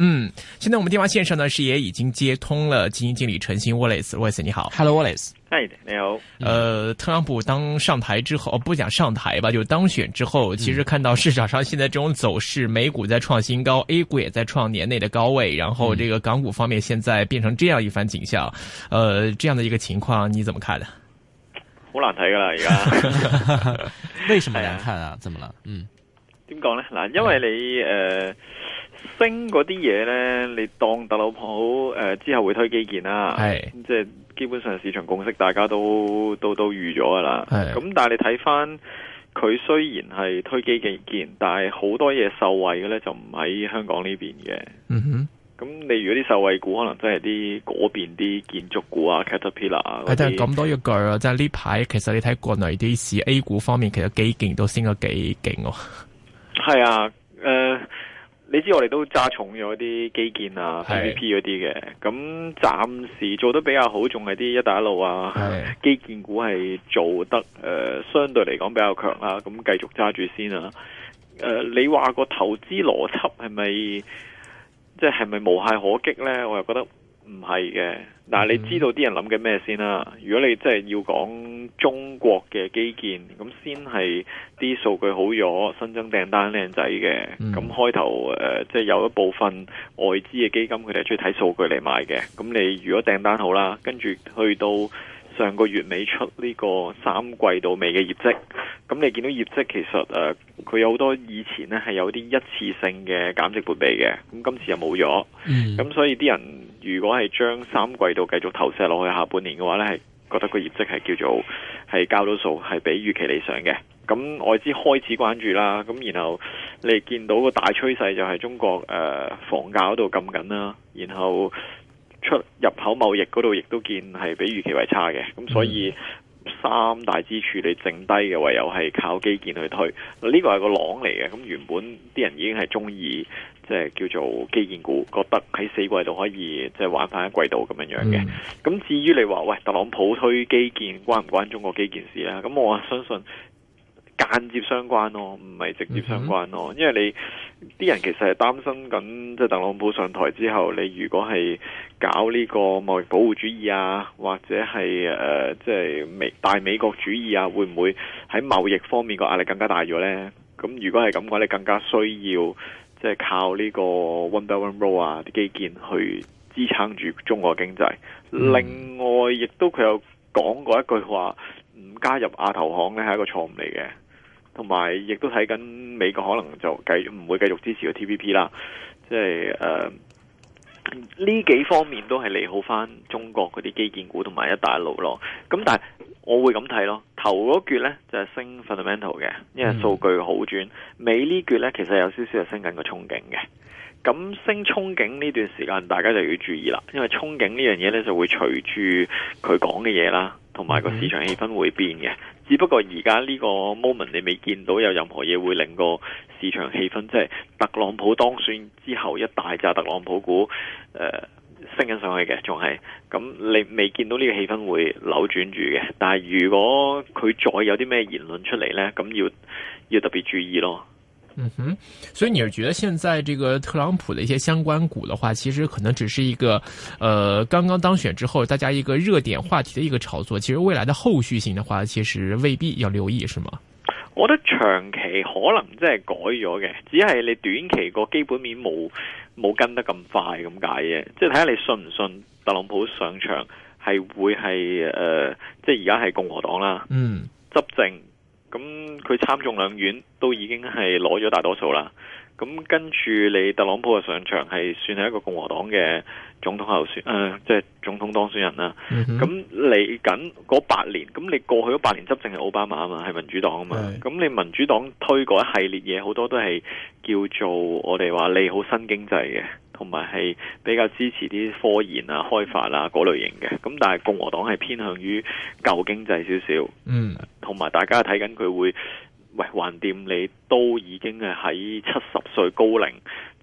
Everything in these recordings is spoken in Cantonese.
嗯，現在我們電話線上呢是也已經接通了基金經理陳昕 Wallace，Wallace，你好，Hello，Wallace，Hi，你好。呃，特朗普當上台之後、哦，不講上台吧，就當選之後，其實看到市場上現在這種走勢，美股在創新高，A 股也在創年內的高位，然後這個港股方面現在變成這樣一番景象，呃，這樣的一個情況你怎麼看，看的了？好難睇噶啦，而家為什麼難看啊，啊？怎麼了？嗯，點講呢？嗱，因為你呃。升嗰啲嘢咧，你當特朗普誒、呃、之後會推基建啦，係即係基本上市場共識，大家都都都預咗噶啦。係咁，但係你睇翻佢雖然係推基、基建，但係好多嘢受惠嘅咧，就唔喺香港呢邊嘅。嗯哼，咁你如果啲受惠股可能真係啲嗰邊啲建築股啊，Caterpillar 啊，係都係咁多一句啊。即係呢排，其實你睇國內啲市 A 股方面，其實基建都升咗幾勁。係啊，誒、啊。呃你知我哋都揸重咗啲基建啊，P P P 嗰啲嘅，咁暫時做得比較好，仲係啲一帶一路啊，基建股係做得，誒、呃、相對嚟講比較強啦，啊，咁繼續揸住先啊。誒、呃，你話個投資邏輯係咪，即係係咪無懈可擊咧？我又覺得。唔係嘅，嗱你知道啲人諗緊咩先啦？如果你真係要講中國嘅基建，咁先係啲數據好咗，新增訂單靚仔嘅。咁開頭誒，即係有一部分外資嘅基金，佢哋係中意睇數據嚟買嘅。咁你如果訂單好啦，跟住去到。上個月尾出呢個三季度尾嘅業績，咁你見到業績其實誒，佢、呃、有好多以前呢係有啲一,一次性嘅減值撥備嘅，咁今次又冇咗，咁、嗯、所以啲人如果係將三季度繼續投射落去下半年嘅話呢，係覺得個業績係叫做係交到數，係比預期理想嘅。咁外資開始關注啦，咁然後你見到個大趨勢就係中國誒、呃、房價嗰度撳緊啦，然後。出入口貿易嗰度亦都見係比預期為差嘅，咁所以三大支柱你剩低嘅唯有係靠基建去推，呢、這個係個狼嚟嘅。咁原本啲人已經係中意即係叫做基建股，覺得喺四季度可以即係玩翻一季度咁樣樣嘅。咁、嗯、至於你話喂，特朗普推基建關唔關中國基建事呢？咁我相信。間接相關咯，唔係直接相關咯，mm -hmm. 因為你啲人其實係擔心緊，即係特朗普上台之後，你如果係搞呢個貿易保護主義啊，或者係誒即係美大美國主義啊，會唔會喺貿易方面個壓力更加大咗呢？咁如果係咁嘅話，你更加需要即係靠呢個 One Belt One Road 啊啲基建去支撐住中國經濟。Mm -hmm. 另外，亦都佢有講過一句話，唔加入亞投行呢係一個錯誤嚟嘅。同埋，亦都睇緊美國可能就唔會繼續支持個 TPP 啦，即係誒呢幾方面都係利好翻中國嗰啲基建股同埋一帶一路咯。咁但係我會咁睇咯，頭嗰撅呢就係、是、升 fundamental 嘅，因為數據好轉。尾、嗯、呢撅呢其實有少少係升緊個憧憬嘅。咁升憧憬呢段時間，大家就要注意啦，因為憧憬呢樣嘢呢就會隨住佢講嘅嘢啦，同埋個市場氣氛會變嘅。嗯只不過而家呢個 moment 你未見到有任何嘢會令個市場氣氛即係、就是、特朗普當選之後一大紮特朗普股、呃、升緊上去嘅，仲係咁你未見到呢個氣氛會扭轉住嘅。但係如果佢再有啲咩言論出嚟呢，咁要要特別注意咯。嗯哼，所以你是覺得現在這個特朗普的一些相關股的話，其實可能只是一個，呃，剛剛當選之後大家一個熱點話題的一個炒作，其實未來的後續性的話，其實未必要留意，是嗎？我覺得長期可能真係改咗嘅，只係你短期個基本面冇冇跟得咁快咁解嘅，即係睇下你信唔信特朗普上場係會係誒、呃，即係而家係共和黨啦，嗯，執政。咁佢參眾兩院都已經係攞咗大多數啦。咁跟住你特朗普嘅上場係算係一個共和黨嘅總統候選，呃，即係總統當選人啦。咁嚟緊嗰八年，咁你過去嗰八年執政係奧巴馬啊嘛，係民主黨啊嘛。咁你民主黨推過一系列嘢，好多都係叫做我哋話利好新經濟嘅。同埋係比較支持啲科研啊、開發啊嗰類型嘅，咁但係共和黨係偏向於舊經濟少少，嗯，同埋大家睇緊佢會喂，橫掂你都已經係喺七十歲高齡，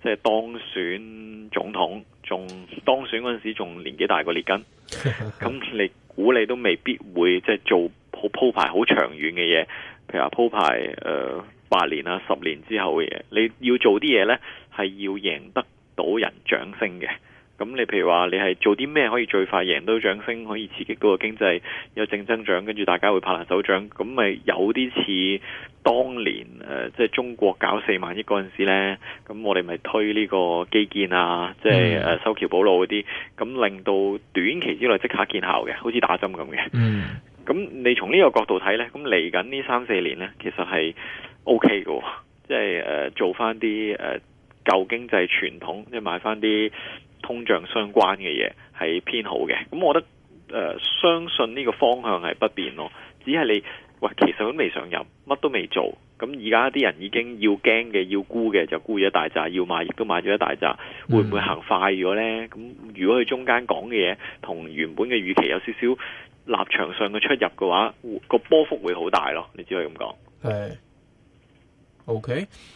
即係當選總統，仲當選嗰陣時仲年紀大過列根，咁 你估你都未必會即係做好鋪排好長遠嘅嘢，譬如話鋪排誒八年啊、十年之後嘅嘢，你要做啲嘢呢係要贏得。賭人掌聲嘅，咁你譬如話你係做啲咩可以最快贏到掌聲？可以刺激到個經濟有正增長，跟住大家會拍下手掌，咁咪有啲似當年誒、呃，即係中國搞四萬億嗰陣時呢，咁我哋咪推呢個基建啊，即係誒修橋補路嗰啲，咁令到短期之內即刻見效嘅，好似打針咁嘅。嗯，咁你從呢個角度睇呢，咁嚟緊呢三四年呢，其實係 O K 嘅，即係誒、呃、做翻啲誒。呃舊經濟傳統，你買翻啲通脹相關嘅嘢係偏好嘅，咁我覺得誒、呃，相信呢個方向係不變咯。只係你喂、呃，其實想入都未上任，乜都未做，咁而家啲人已經要驚嘅，要沽嘅就沽咗一大扎，要買亦都買咗一大扎，會唔會行快咗呢？咁、嗯、如果佢中間講嘅嘢同原本嘅預期有少少立場上嘅出入嘅話，個波幅會好大咯。你只可以咁講。係。O K。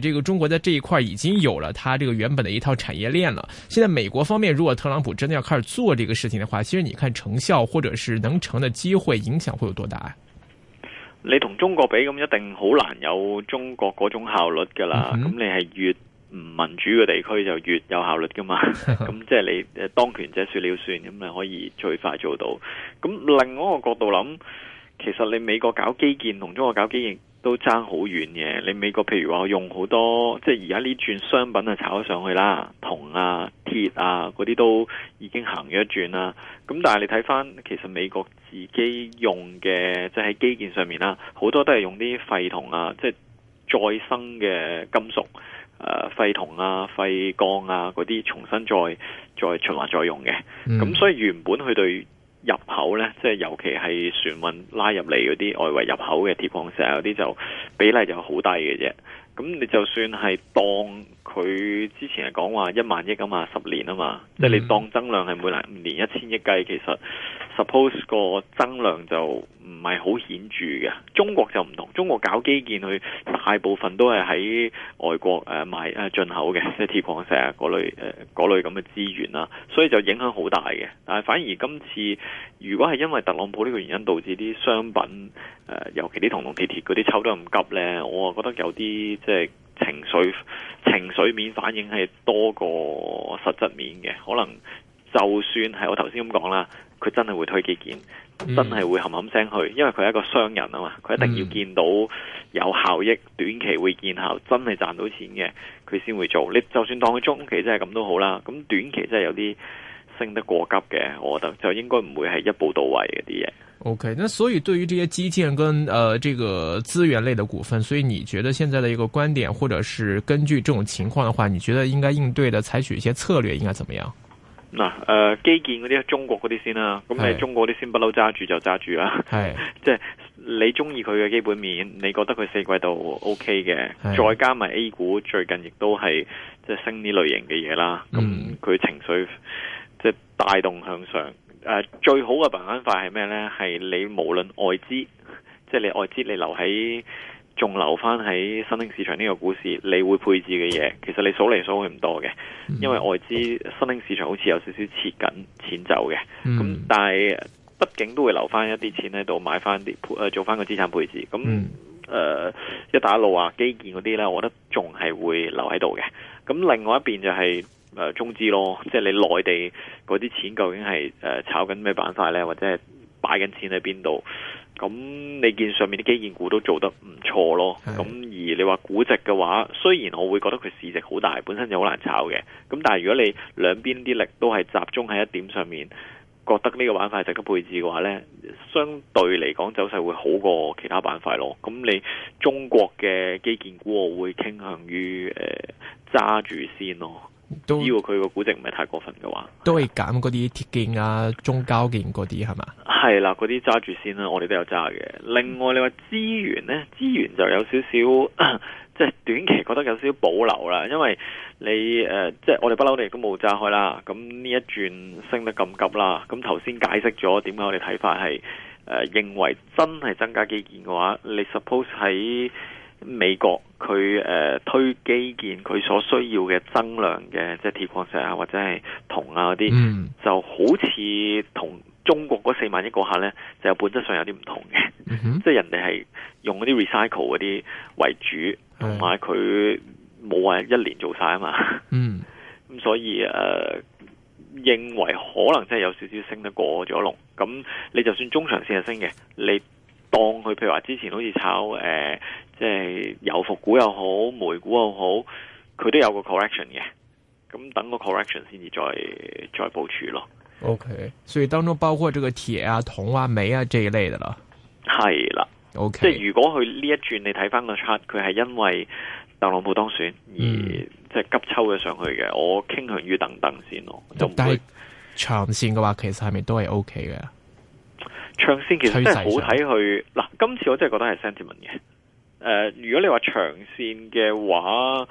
這個中國在這一塊已經有了它這個原本的一套產業鏈了。現在美國方面，如果特朗普真的要開始做這個事情的話，其實你看成效，或者是能成的機會，影響會有多大、啊？你同中國比，咁一定好難有中國嗰種效率噶啦。咁、嗯、你係越唔民主嘅地區就越有效率噶嘛。咁即係你當權者說了算，咁咪可以最快做到。咁另外一個角度諗，其實你美國搞基建同中國搞基建。都差好遠嘅，你美國譬如話用好多，即係而家呢轉商品啊炒咗上去啦，銅啊、鐵啊嗰啲都已經行咗一轉啦。咁但係你睇翻，其實美國自己用嘅，即係喺基建上面啦，好多都係用啲廢銅啊，即、就、係、是、再生嘅金屬，誒、呃、廢銅啊、廢鋼啊嗰啲、啊、重新再再循環再用嘅。咁、嗯、所以原本佢對入口咧，即係尤其係船運拉入嚟嗰啲外圍入口嘅鐵礦石，嗰啲有啲就比例就好低嘅啫。咁你就算係當。佢之前係講話一萬億啊嘛，十年啊嘛，即係你當增量係每年一千億計，其實 suppose 個增量就唔係好顯著嘅。中國就唔同，中國搞基建去，大部分都係喺外國誒買誒進口嘅，即係鐵礦石啊嗰類誒嗰類咁嘅資源啦，所以就影響好大嘅。但係反而今次如果係因為特朗普呢個原因導致啲商品、啊、尤其啲銅銅鐵鐵嗰啲抽得咁急呢，我覺得有啲即係。情緒情緒面反應係多過實質面嘅，可能就算係我頭先咁講啦，佢真係會推幾件，嗯、真係會冚冚聲去，因為佢係一個商人啊嘛，佢一定要見到有效益，短期會見效，真係賺到錢嘅，佢先會做。你就算當佢中期真係咁都好啦，咁短期真係有啲升得過急嘅，我覺得就應該唔會係一步到位嗰啲嘢。OK，那所以對於這些基建跟，呃，這個資源類的股份，所以你覺得現在的一個觀點，或者是根據這種情況的話，你覺得應該應對的採取一些策略，應該怎麼樣？嗱，誒，基建嗰啲中國嗰啲先啦，咁你中國啲先不嬲揸住就揸住啦，係，即 係你中意佢嘅基本面，你覺得佢四季度 O K 嘅，再加埋 A 股最近亦都係即係升呢類型嘅嘢啦，咁、嗯、佢情緒即係帶動向上。誒、呃、最好嘅辦法係咩呢？係你無論外資，即係你外資，你留喺仲留翻喺新興市場呢個股市，你會配置嘅嘢，其實你數嚟數去唔多嘅，因為外資新興市場好似有少少切緊錢走嘅。咁、嗯嗯嗯、但係畢竟都會留翻一啲錢喺度，買翻啲做翻個資產配置。咁誒、嗯呃、一打路啊，基建嗰啲呢，我覺得仲係會留喺度嘅。咁另外一邊就係、是。誒、呃、中資咯，即係你內地嗰啲錢究竟係誒、呃、炒緊咩板塊呢？或者係擺緊錢喺邊度？咁你見上面啲基建股都做得唔錯咯。咁而你話估值嘅話，雖然我會覺得佢市值好大，本身就好難炒嘅。咁但係如果你兩邊啲力都係集中喺一點上面，覺得呢個板塊值得配置嘅話呢，相對嚟講走勢會好過其他板塊咯。咁你中國嘅基建股，我會傾向於揸住、呃、先咯。都要佢個估值，唔係太過分嘅話，都係減嗰啲鐵建啊、中交建嗰啲係嘛？係啦，嗰啲揸住先啦，我哋都有揸嘅。另外你話資源呢，資源就有少少，即係、 就是、短期覺得有少少保留啦，因為你誒、即、呃、係、就是、我哋不嬲，我哋都冇揸開啦。咁呢一轉升得咁急啦，咁頭先解釋咗點解我哋睇法係誒、呃，認為真係增加基建嘅話，你 suppose 喺。美國佢誒、呃、推基建，佢所需要嘅增量嘅，即係鐵礦石啊，或者係銅啊嗰啲，mm. 就好似同中國嗰四萬億嗰下呢，就本質上有啲唔同嘅。即、mm、係 -hmm. 人哋係用嗰啲 recycle 嗰啲為主，同埋佢冇話一年做晒啊嘛。咁、mm. 所以誒、呃，認為可能真係有少少升得過咗龍。咁你就算中長線係升嘅，你當佢譬如話之前好似炒誒、呃即係有复古又好，煤股又好，佢都有個 correction 嘅。咁等個 correction 先至再再部署咯。O、okay, K，所以當中包括這個鐵啊、銅啊、煤啊這, okay, 這一類的啦。係啦。O K，即係如果佢呢一轉，你睇翻個 chart，佢係因為特朗普當選而即係急抽咗上去嘅、嗯。我傾向於等等先咯。但係長線嘅話，其實係咪都係 O K 嘅？長線其實真係好睇佢。嗱，今次我真係覺得係 sentiment 嘅。呃、如果你話長線嘅話，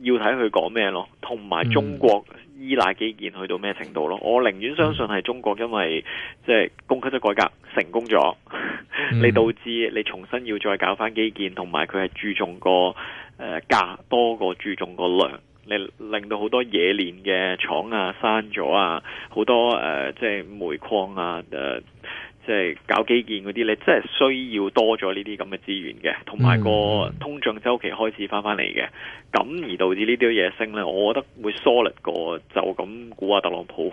要睇佢講咩咯，同埋中國依賴基建去到咩程度咯。嗯、我寧願相信係中國因為即係供給制改革成功咗，你、嗯、 導致你重新要再搞返基建，同埋佢係注重個誒價多過注重個量，你令到好多冶煉嘅廠啊閂咗啊，好、啊、多誒、呃、即係煤礦啊誒。呃即係搞基建嗰啲咧，真係需要多咗呢啲咁嘅資源嘅，同埋個通脹周期開始返返嚟嘅，咁而導致呢啲嘢升咧，我覺得會 solid 過就咁估下特朗普。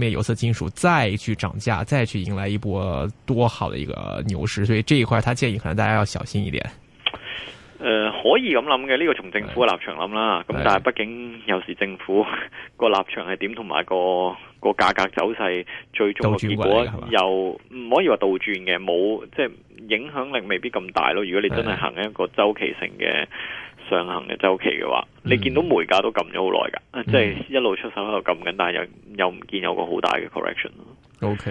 面有色金屬再去漲價，再去迎來一波多好的一個牛市，所以這一塊，他建議可能大家要小心一點。誒、呃，可以咁諗嘅，呢、呢個從政府嘅立場諗啦。咁但係畢竟有時政府個立場係點，同埋個個，個價格走勢最終嘅結果又唔可以話倒轉嘅，冇，即係影響力未必咁大咯。如果你真係行一個週期性嘅。上行嘅周期嘅話，你見到煤價都撳咗好耐㗎，即係一路出手喺度撳緊，但係又又唔見有個好大嘅 correction 咯。OK。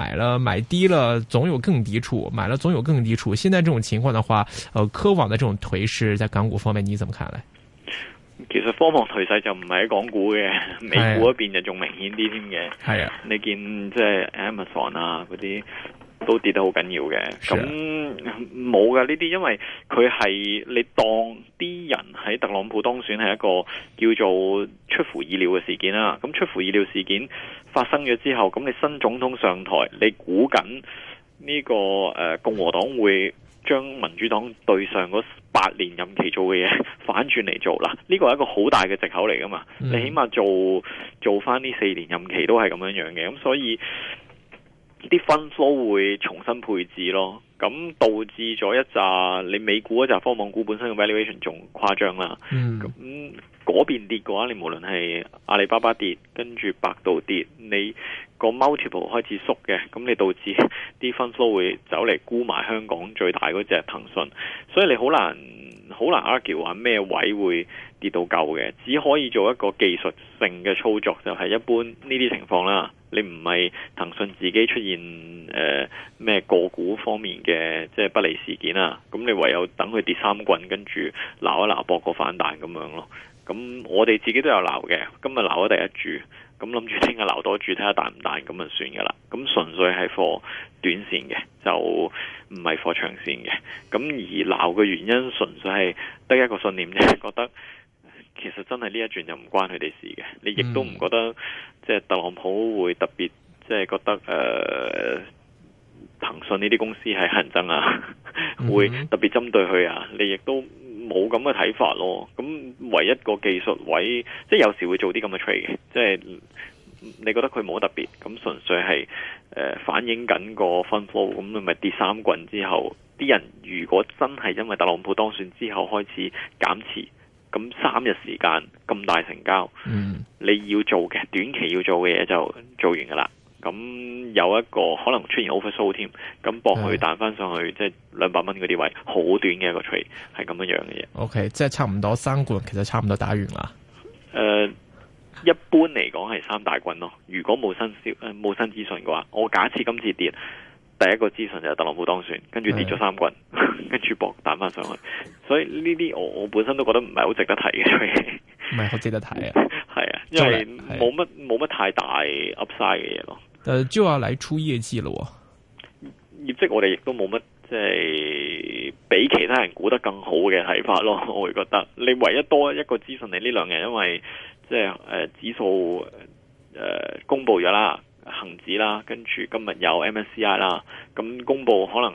買了買低了，總有更低處；買了總有更低處。現在這種情況的話，呃，科網的這種頹勢在港股方面你怎麼看呢？其實科網頹勢就唔係喺港股嘅，美股嗰邊就仲明顯啲添嘅。係、哎、啊，你見即係 Amazon 啊嗰啲。都跌得好緊要嘅，咁冇噶呢啲，因為佢係你當啲人喺特朗普當選係一個叫做出乎意料嘅事件啦。咁出乎意料事件發生咗之後，咁你新總統上台，你估緊呢個、呃、共和黨會將民主黨對上嗰八年任期做嘅嘢反轉嚟做啦？呢、這個係一個好大嘅借口嚟噶嘛？你起碼做做翻呢四年任期都係咁樣樣嘅，咁所以。啲分 u 會重新配置咯，咁導致咗一隻你美股嗰隻科網股本身嘅 valuation 仲誇張啦。咁、嗯、嗰、嗯、邊跌嘅話，你無論係阿里巴巴跌，跟住百度跌，你個 multiple 開始縮嘅，咁你導致啲分 u 會走嚟估埋香港最大嗰隻騰訊，所以你好難好難 argue 話咩位會跌到夠嘅，只可以做一個技術性嘅操作，就係、是、一般呢啲情況啦。你唔係騰訊自己出現誒咩、呃、個股方面嘅即係不利事件啊？咁你唯有等佢跌三棍，跟住撈一撈博個反彈咁樣咯。咁我哋自己都有撈嘅，今日撈咗第一注，咁諗住聽日撈多注睇下彈唔彈，咁就算噶啦。咁純粹係貨短線嘅，就唔係貨長線嘅。咁而撈嘅原因純粹係得一個信念啫，覺得。其實真係呢一轉又唔關佢哋事嘅，你亦都唔覺得、嗯、即係特朗普會特別即係覺得誒騰訊呢啲公司係行憎啊，會特別針對佢啊？你亦都冇咁嘅睇法咯。咁唯一個技術位，即係有時會做啲咁嘅 trade 嘅，即係你覺得佢冇特別，咁純粹係誒、呃、反映緊個 fund flow，咁咪跌三棍之後，啲人如果真係因為特朗普當選之後開始減持。咁三日時間咁大成交，嗯，你要做嘅短期要做嘅嘢就做完噶啦。咁有一個可能出現 over sell 添，咁博佢彈翻上去，嗯、即係兩百蚊嗰啲位，好短嘅一個 trade 係咁樣樣嘅嘢。O、okay, K，即係差唔多三罐，其實差唔多打完啦。誒、呃，一般嚟講係三大棍咯。如果冇新，新資誒冇新資訊嘅話，我假設今次跌。第一個資訊就係特朗普當選，跟住跌咗三棍，跟住搏，彈翻上去，所以呢啲我我本身都覺得唔係好值得睇嘅嘢，唔係好值得睇啊，係 啊，因為冇乜冇乜太大 upside 嘅嘢咯。誒、呃，就要嚟出業績咯，業績我哋亦都冇乜即係比其他人估得更好嘅睇法咯，我會覺得你唯一多一個資訊，你呢兩日因為即係誒指數誒、呃、公布咗啦。恒指啦，跟住今日有 MSCI 啦，咁公布可能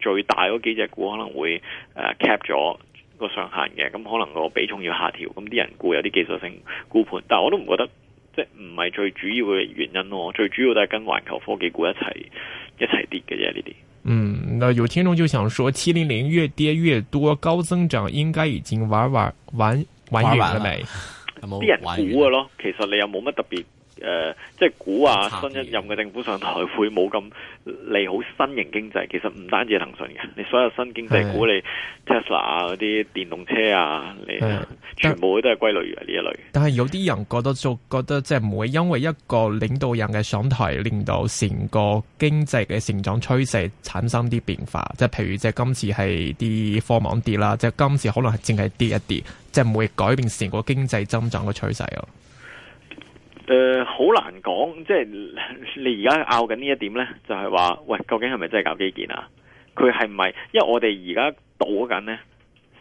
最大嗰幾隻股可能會誒 cap 咗個上限嘅，咁可能個比重要下調，咁啲人估有啲技術性沽盤，但係我都唔覺得即係唔係最主要嘅原因咯，最主要都係跟環球科技股一齊一齊跌嘅啫呢啲。嗯，嗱有聽眾就想說，七零零越跌越多，高增長應該已經玩玩玩玩，玩完啦？咪啲人估嘅咯，其實你又冇乜特別。誒、呃，即係估啊，新一任嘅政府上台會冇咁利好新型經濟。其實唔單止騰訊嘅，你所有新經濟股你 Tesla 啊嗰啲電動車啊，你啊全部都係歸類於、啊、呢一類。但係有啲人覺得就覺得即係唔會因為一個領導人嘅上台，令到成個經濟嘅成長趨勢產生啲變化。即係譬如即係今次係啲科網跌啦，即係今次可能係淨係跌一啲，即係唔會改變成個經濟增長嘅趨勢咯、啊。誒、呃、好難講，即係你而家拗緊呢一點呢，就係、是、話喂，究竟係咪真係搞基建啊？佢係唔係？因為我哋而家賭緊呢，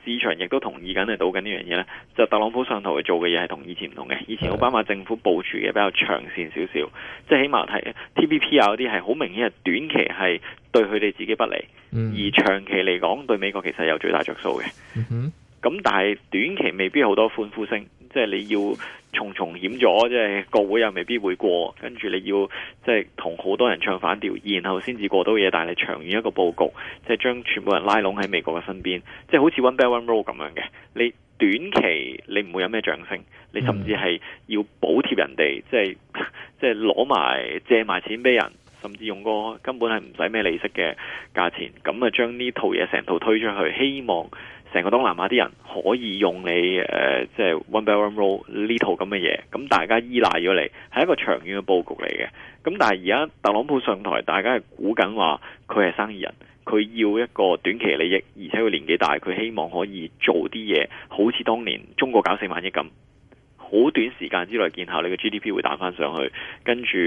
市場亦都同意緊係倒緊呢樣嘢呢。就特朗普上台做嘅嘢係同以前唔同嘅，以前奧巴馬政府部署嘅比較長線少少，即係起碼係 TPP 呀嗰啲係好明顯係短期係對佢哋自己不利，嗯、而長期嚟講對美國其實有最大著數嘅。嗯咁但係短期未必好多歡呼聲，即係你要重重險阻，即係國會又未必會過，跟住你要即係同好多人唱反調，然後先至過到嘢。但係你長遠一個佈局，即係將全部人拉攏喺美國嘅身邊，即係好似 One Belt One Road 咁樣嘅。你短期你唔會有咩掌聲，你甚至係要補貼人哋，即係即係攞埋借埋錢俾人，甚至用個根本係唔使咩利息嘅價錢，咁啊將呢套嘢成套推出去，希望。成個東南亞啲人可以用你誒，即、呃、係、就是、One Belt One Road 呢套咁嘅嘢，咁大家依賴咗你，係一個長遠嘅佈局嚟嘅。咁但係而家特朗普上台，大家係估緊話佢係生意人，佢要一個短期利益，而且佢年紀大，佢希望可以做啲嘢，好似當年中國搞四萬億咁。好短時間之內見效，你個 GDP 會彈翻上去，跟住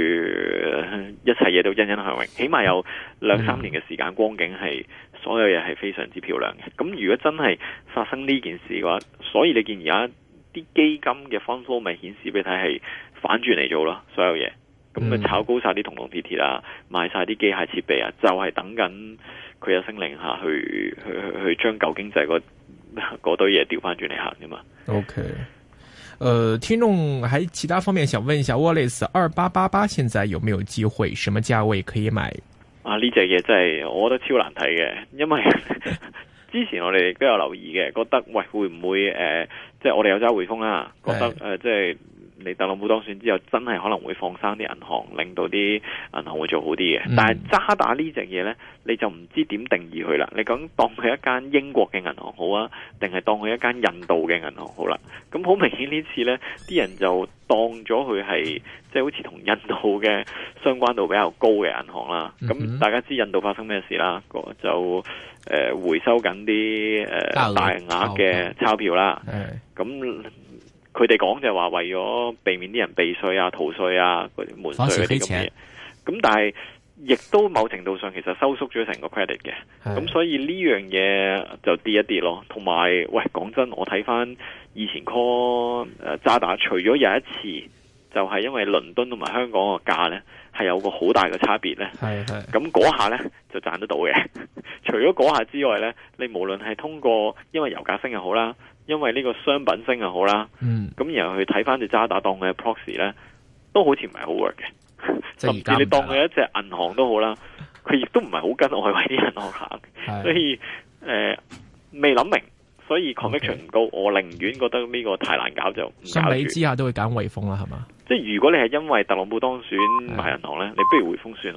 一切嘢都欣欣向榮。起碼有兩三年嘅時間光景係、嗯、所有嘢係非常之漂亮嘅。咁如果真係發生呢件事嘅話，所以你見而家啲基金嘅 fund flow 咪顯示俾你睇係反轉嚟做咯。所有嘢咁咪炒高曬啲銅銅鐵鐵啊，賣曬啲機械設備啊，就係、是、等緊佢有聲令下去去去去將舊經濟嗰堆嘢調翻轉嚟行噶嘛。OK。呃，聽眾還其他方面想問一下，Wallace 二八八八現在有沒有機會？什麼價位可以買？啊，呢隻嘢真係我覺得超難睇嘅，因為 之前我哋都有留意嘅，覺得喂會唔會誒、呃，即係我哋有揸匯豐啊，覺得誒、呃、即係。你特朗普當選之後，真係可能會放生啲銀行，令到啲銀行會做好啲嘅。嗯嗯，但係渣打呢隻嘢呢，你就唔知點定義佢啦。你講當佢一間英國嘅銀行好啊，定係當佢一間印度嘅銀行好啦、啊？咁、嗯、好、嗯、明顯呢次呢啲人就當咗佢係即係好似同印度嘅相關度比較高嘅銀行啦。咁大家知印度發生咩事啦？就回收緊啲大額嘅鈔票啦。咁佢哋講就係話為咗避免啲人避稅啊、逃稅啊、嗰啲門稅啲咁嘅嘢，咁但係亦都某程度上其實收縮咗成個 credit 嘅，咁所以呢樣嘢就跌一跌咯。同埋喂，講真，我睇翻以前 call、呃、渣打，除咗有一次就係、是、因為倫敦同埋香港個價呢係有個好大嘅差別呢。咁嗰下呢就賺得到嘅。除咗嗰下之外呢，你無論係通過因為油價升又好啦。因為呢個商品升又好啦，嗯，咁然後去睇翻隻渣打當佢嘅 proxy 咧，都好似唔係好 work 嘅。甚至你當佢一隻銀行都好啦，佢亦都唔係好跟外圍啲銀行行，所以誒未諗明，所以 conviction 唔高，okay，我寧願覺得呢個太難搞就唔搞。相，嗯、比之下，都會揀匯豐啦，係嘛？即係如果你係因為特朗普當選是買銀行咧，你不如匯豐算了。